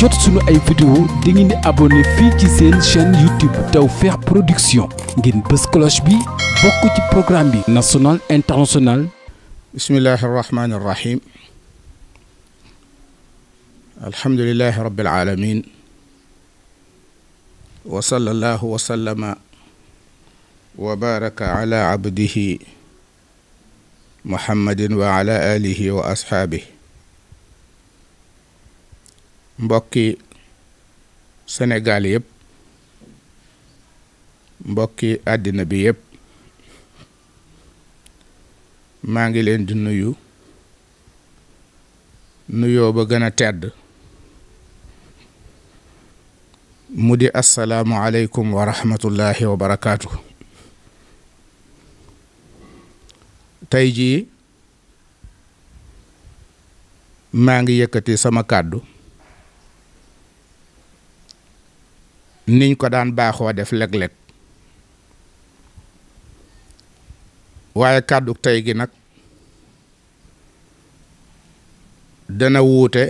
jot suñu ay vidéo da ngeen di abonné fii ci seen chaîne YouTube Tawfekh Production ngeen bës cloche bi bokk ci programme bi national international bismillahi arrahmani arrahim alhamdulilahi rabbil alamin wa sallallahu wa sallama wa baraka ala abdihi muhammadin wa ala alihi wa ashaabihi mbokki Sénégal yépp mbokki àddina bi yépp maa ngi leen di nuyu nuyoo ba gën a tedd mu di assalaamu aleykum wa rahmatullahi wa barakaatu tey jii maa ngi yëkkati sama kàddu niñ ko daan baaxoo def léeg-léeg waaye kàddu tey gi nag dana wuute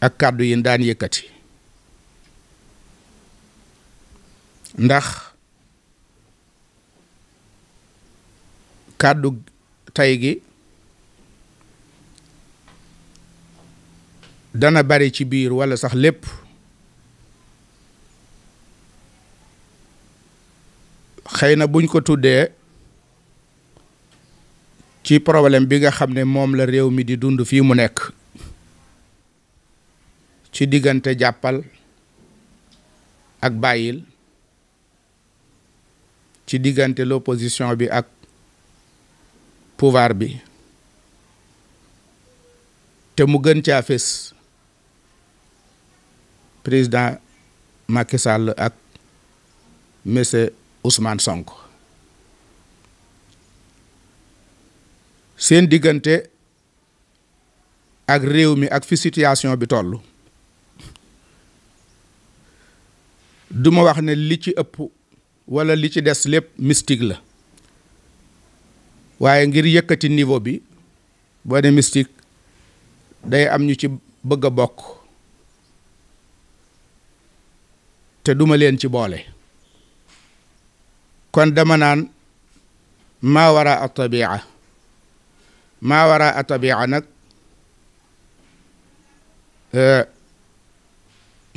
ak kàddu yi daan yëkkati ndax kàddu tey gi dana bari ci biir wala sax lépp xëy na buñ ko tuddee ci problème bi nga xam ne moom la réew mi di dund fii mu nekk ci diggante jàppal ak bàyyil ci diggante l'opposition bi ak pouvoir bi te mu gën caa fés président Macky Sall ak monsieur Ousmane sonk seen diggante ak réew mi ak fi situation bi toll duma wax ne li ci ëpp walla li ci des lépp mystique la waaye ngir yëkkati niveau bi boo ne mystique day am ñu ci bëgg a bokk te duma leen ci boole kon dama naan maa wara a tabi'a maa wara a tabi'a nag euh,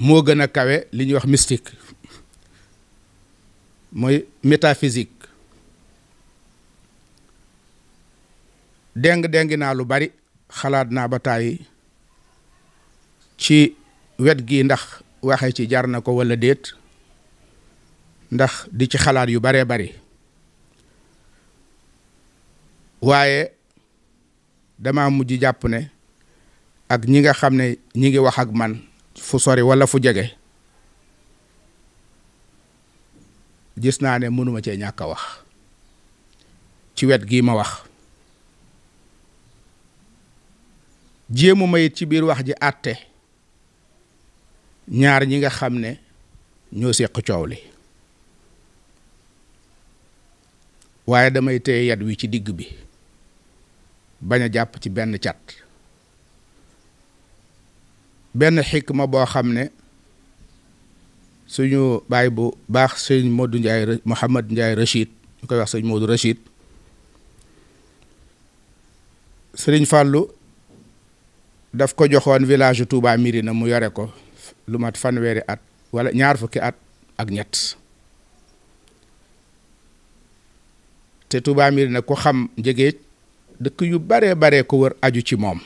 moo gën a kawe li ñuy wax mystique mooy métaphysique déng-déngi naa lu bari xalaat na ba tàyyi ci wet gi ndax waxe ci jar na ko wala déet ndax di ci xalaat yu baree bari waaye dama mujj jàpp ne ak ñi nga xam ne ñi ngi wax ak man fu sori wala fu jege gis naa ne mënuma cee ñàkk wax ci wet gii ma wax jéemu ma it ci biir wax ji àtte ñaar ñi nga xam ne ñoo seq coow li waaye damay téye yat wi ci digg bi bañ a jàpp ci benn cat benn xikma boo xam ne suñu baay bu baax sëñ Modou Ndiaye Mouhamad Ndiaye Rachid ñu koy wax sëñ Modou Rachid sëriñ Fàllu daf ko joxoon village Touba Mirina mu yore ko lu mat fanweeri at wala ñaar fukki at ak ñett te tubaam Touba Mérina ku xam njëgeej dëkk yu baree baree ko wër aju ci moom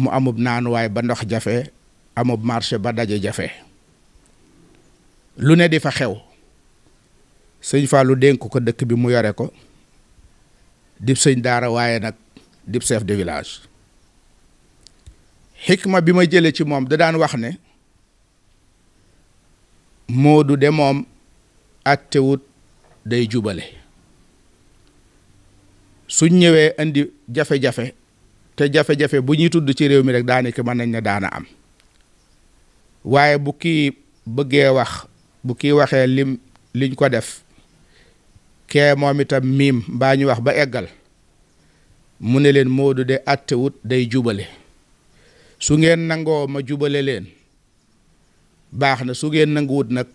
mu amub naanuwaay ba ndox jafe amub marché ba daje jafe lu ne di fa xew sëñ Fallou dénk ko dëkk bi mu yore ko dib sëñ daara waaye nag dib chef de village xikma bi ma jële ci moom da daan wax ne Moodu de moom attewut day jubale suñ ñëwee indi jafe-jafe te jafe-jafe bu ñuy tudd ci réew mi rek daanaka mën nañ ne daana am waaye bu kii bëggee wax bu kii waxee lim liñ ko def kee moom itam miim mbaa ñu wax ba eggal mu ne leen Moodu de attewut day jubale su ngeen nangoo ma jubale leen baax na su ngeen nanguwut nag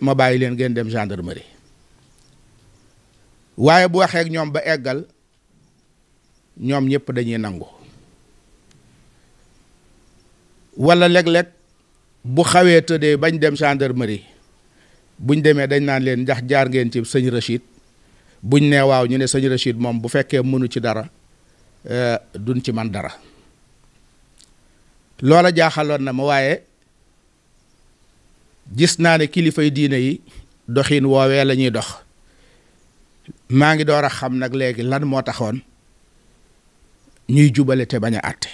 ma bàyyi leen ngeen dem gendarmerie waaye bu waxee ñoom ba eggal ñoom ñëpp dañuy nangu walla léeg-léeg bu xawee tëddee bañ dem gendarmerie buñ demee dañ naan leen ndax jaar ngeen ci sëñ Rachid buñ ne waaw ñu ne sëñ Rachid moom bu fekkee mënu ci dara euh, duñ ci man dara loola jaaxaloon na ma waaye gis naa ne kilifay diine yi doxin woowee la ñuy dox maa ngi door a xam nag léegi lan moo taxoon ñuy jubale te bañ a àtte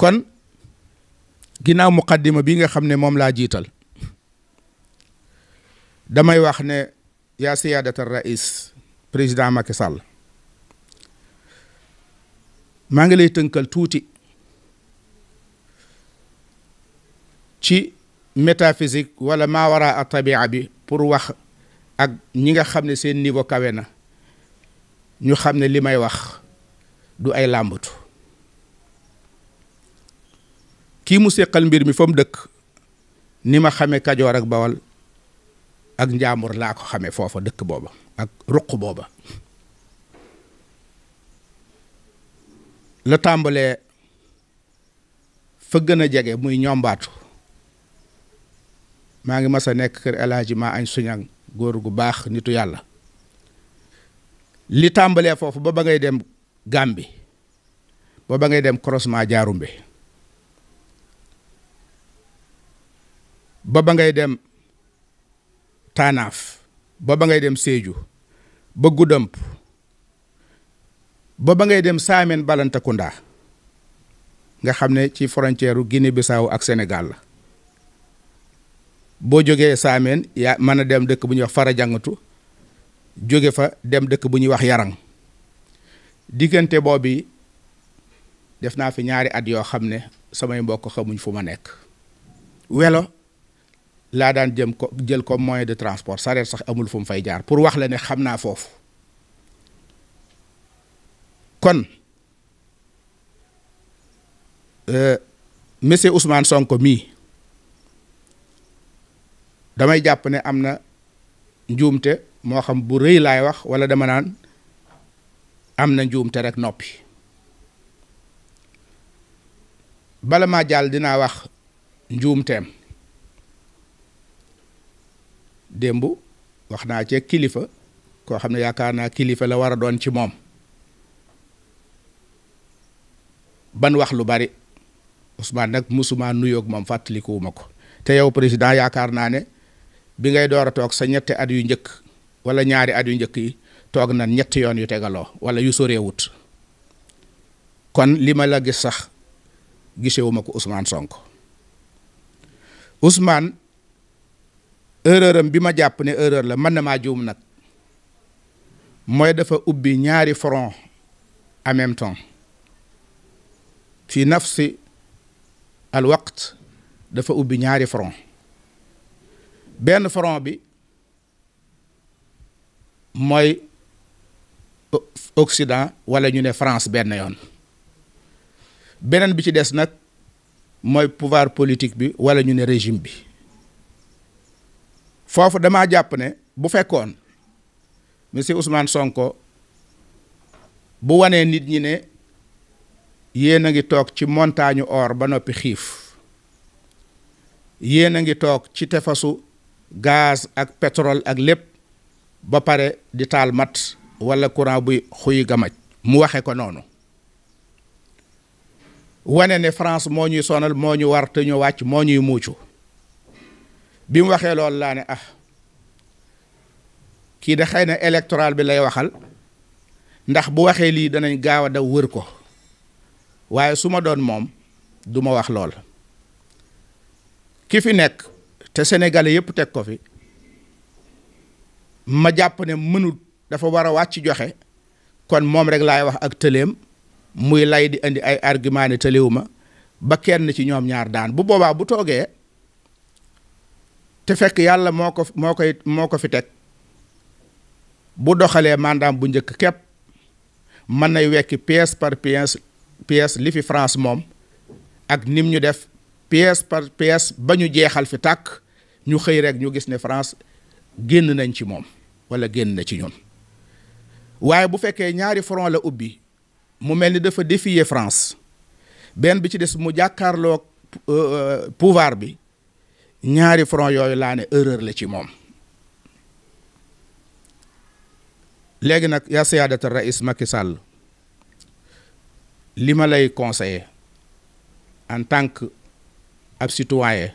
kon ginnaaw muqaddima bi nga xam ne moom laa jiital damay wax ne yaa siyaadatal rais président Macky Sall maa ngi lay tënkal tuuti ci métaphysique wala maa wara a tabia bi pour wax ak ñi nga xam ne seen niveau kawe na ñu xam ne li may wax du ay làmbatu kii mu séqal mbir mi fa dëkk ni ma xame kajoor ak bawal ak njaambur laa ko xame foofa dëkk booba ak ruq booba la tàmbalee fa gën a jege muy ñombaatu maa ngi mas a nekk kër El Hadji maa añ suñang góor gu baax nitu yàlla li tàmbalee foofu ba ba ngay dem Gàmbi ba ba ngay dem croisement Diaroumbe ba ba ngay dem Tanaaf ba ba ngay dem Sédhiou ba Goudomp ba ba ngay dem Saameen Balantakunda nga xam ne ci frontière u Guinée Bissau ak Sénégal la boo jógee Saameen yaa mën a dem dëkk bu ñuy wax Farajangatu jóge fa dem dëkk bu ñuy wax yaram diggante boobu def naa fi ñaari at yoo xam ne samay mbokk xamuñ fu ma nekk welo laa daan jëm ko jël comme moyen de transport sareet sax amul fu mu fay jaar pour wax la ne xam naa foofu kon euh, monsieur Ousmane Sonko mii damay jàpp ne am na njuumte moo xam bu rëy laay wax wala dama naan am na njuumte rek noppi bala maa jàll dinaa wax njuumteem démb wax naa ci kilifa koo xam ne yaakaar naa kilifa la war a doon ci moom ban wax lu bari Ousmane nag musuma nuyook moom fàttalikuwuma ko te yow président yaakaar naa ne bi ngay door a toog sa ñetti at yu njëkk wala ñaari at njëkk yi toog na ñetti yoon yu tegaloo wala yu soreewut kon lii ma la gis sax gisewuma ko Ousmane sonk Ousmane erreur am bi ma jàpp ne erreur la man na maa juum nag mooy dafa ubbi ñaari front en même temps fi nafsi al dafa ubbi ñaari front benn front bi mooy Occident wala ñu ne France benn yoon beneen bi ci des nag mooy pouvoir politique bi wala ñu ne régime bi foofu damaa jàpp ne bu fekkoon monsieur Ousmane Sonko bu wanee nit ñi ne yéen a ngi toog ci montagne or ba noppi xiif yéen a ngi toog ci tefasu gaz ak pétrole ak lépp ba pare di taal mat walla courant buy xuy gamaj mu waxe ko noonu wane ne France moo ñuy sonal moo ñu war te ñu wàcc moo ñuy muucu bi mu waxee lool laa ne ah kii de xëy na électoral bi lay waxal ndax bu waxee lii danañ gaaw a daw wër ko waaye su ma doon moom du ma wax lool ki fi nekk te sénégalais yépp teg ko fi ma jàpp ne mënul dafa war a wàcc joxe kon moom rek laay wax ak tëleem muy lay di indi ay argument ne tëlewu ma ba kenn ci ñoom ñaar daan bu boobaa bu toogee te fekk yàlla moo ko moo koy moo ko fi teg bu doxalee mandaam bu njëkk képp mën na wekki pièce par pièce pièce li fi France moom ak nim ñu def pièce par pièce ba ñu jeexal fi tàkk ñu xëy rek ñu gis ne France génn nañ ci moom wala génn na ci ñun waaye bu fekkee ñaari front la ubbi mu mel ni dafa défier France benn bi ci des mu jàkkaarloog euh, euh, pouvoir bi ñaari front yooyu laa ne erreur la ci moom léegi nag yaa siyaadata rais Macky Sall li ma lay conseiller en tant que ab citoyen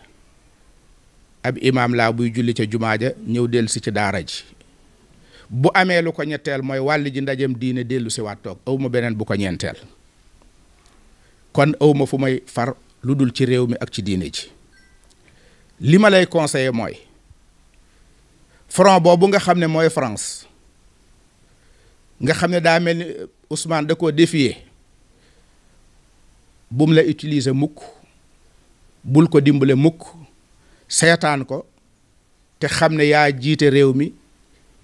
ab imaam laa buy julli ca jumaa ja ñëw dellu si ci daara ji bu amee lu ko ñetteel mooy wàll ji ndajeem diine dellu si waat toog awma beneen bu ko ñeenteel kon awma fu may far lu dul ci réew mi ak ci diine ji li ma lay conseiller mooy front boobu nga xam ne mooy France nga xam ne daa mel ni Ousmane da koo défier bum la utiliser mukk bul ko dimbale mukk seetaan ko te xam ne yaa jiite réew mi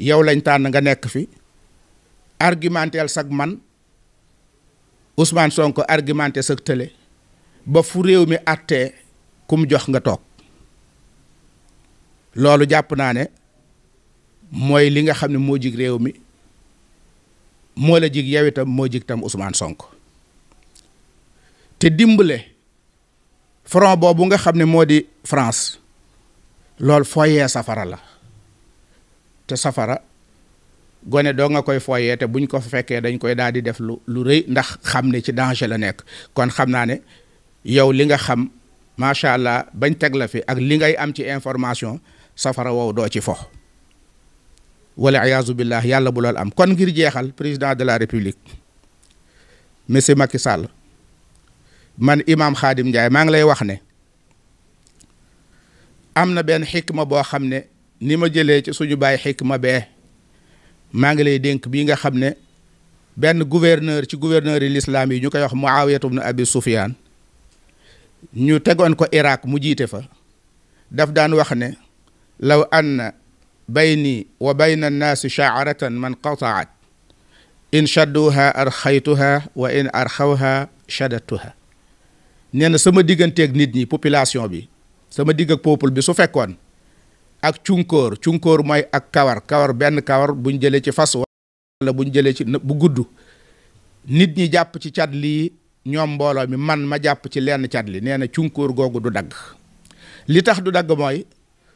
yow lañ tànn nga nekk fi argumentel sag man Ousmane sonk argumenté sag tële ba fu réew mi àttee kum jox nga toog loolu jàpp naa ne mooy li nga xam ne moo jig réew mi moo la jig yow itam moo jig tam Ousmane Sonko te dimbale front boobu nga xam ne moo di France loolu fooyee safara la te safara gone doo nga koy fooyee te buñ ko fekkee dañ koy daal di def lu lu rëy ndax xam ne ci danger la nekk kon xam naa ne yow li nga xam macha allah bañ teg la fi ak li ngay am ci information safara wow doo ci fo wala iyaazu billah yàlla bu lool am kon ngir jeexal président de la république monsieur Macky Sall man imam Khadim Ndiaye maa ngi lay wax ne am na benn xikma boo xam ne ni ma jëlee ci suñu bàyyi xikma bee maa ngi lay dénk bii nga xam ne benn gouverneur ci gouverneur yi lislaam yi ñu koy wax muawiyatu bnu abi sufyaan ñu tegoon ko iraq mu jiite fa daf daan wax ne law anna bayni wa bayna annaasi shaaratan man qataat in shadduha arxaytuha wa in arxawha shadattuha nee na sama digganteeg nit ñi population bi sama digg ak bi su fekkoon ak cunkóor cunkóor mooy ak kawar kawar benn kawar buñ jëlee ci fas wala buñ jëlee ci bu gudd nit ñi jàpp ci cat lii ñoom mbooloo mi man ma jàpp ci lenn cat li nee na cunkóor googu du dagg li tax du dagg mooy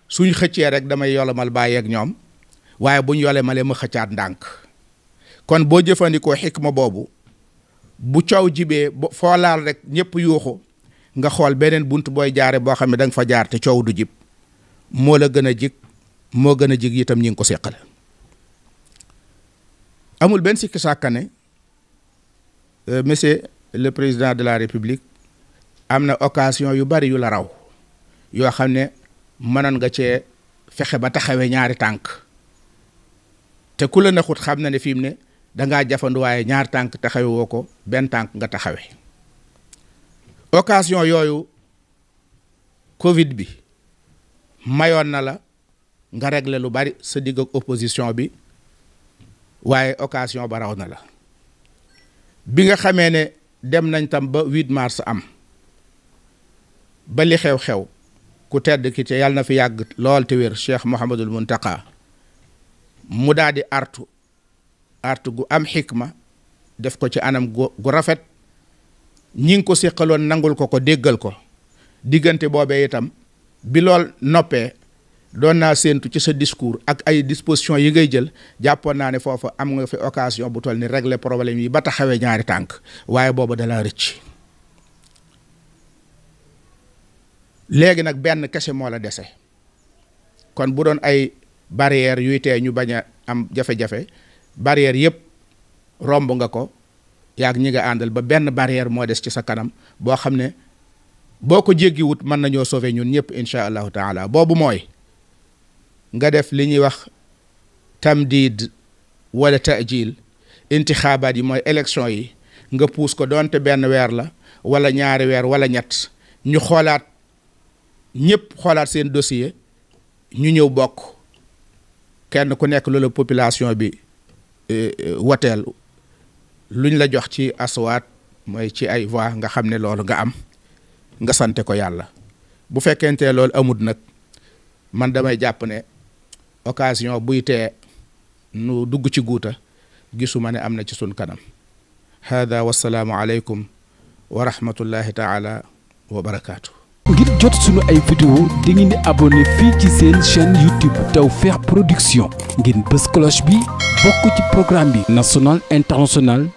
suñ xëccee rek damay yolomal bàyyeeg ñoom waaye buñ yolemalee ma xëccaat ndànk kon boo jëfandikoo ma boobu bu coow jibee foo laal rek ñëpp yuuxu nga xool beneen bunt booy jaare boo xam ne da fa jaar te coow du jib moo la gën a jig moo gën a jig itam ñi ngi ko seqale amul benn sikki sàkka ne euh, monsieur le président de la république am na occasion yu bari yu la raw yoo xam ne mënoon nga cee fexe ba taxawee ñaari tànk te ku la naxut xam na ne fi mu ne dangaa jafandu waaye ñaar tànk taxawe woo ko benn tànk nga taxawe occasion yooyu covid bi mayoon na la nga regle lu bari sa digg ak opposition bi waaye occasion ba raw na la bi nga xamee ne dem nañ tam ba 8 mars am ba li xew-xew ku tedd ki ci yàlla na fi yàgg lool te wér Cheikh Mouhamadul Muntaka mu daal di artu artu gu am xikma def ko ci anam gu rafet ñi ngi ko séqaloon nangul ko ko déggal ko diggante boobe itam bi lool noppee doon naa séentu ci sa discours ak ay dispositions yi ngay jël jàppoon naa ne foofa am nga fi occasion bu toll ni régler problème yi ba taxawee ñaari tànk waaye booba dalaa rëcc léegi nag benn kese moo la dese kon bu doon ay barrières yuy tee ñu bañ a am jafe-jafe barrières yëpp romb nga ko yaag ñi nga àndal ba benn barrière moo des ci sa kanam boo xam ne boo ko jéggiwut mën nañoo sauver ñun ñëpp incha allahu taala boobu mooy nga def li ñuy wax tamdiid wala tajil intixaabaat yi mooy élection yi nga puus ko doonte benn weer la wala ñaari weer wala ñett ñu xoolaat ñëpp xoolaat seen dossier ñu ñëw bokk kenn ku nekk loolu population bi eh, eh, wateel luñ la jox ci aswaat mooy ci ay voix nga xam ne loolu nga am nga sante ko yàlla bu fekkentee loolu amut nag man damay jàpp ne occasion buy tee nu dugg ci guuta gisuma ne am na ci sun kanam hada wasalaamu aleykum wa rahmatullahi taala wa barakaatu ngir jot sunu ay vidéo di ngeen di abonné fii ci seen chaîne YouTube Tawfekh Production ngeen bés cloche bi bokk ci programme bi national international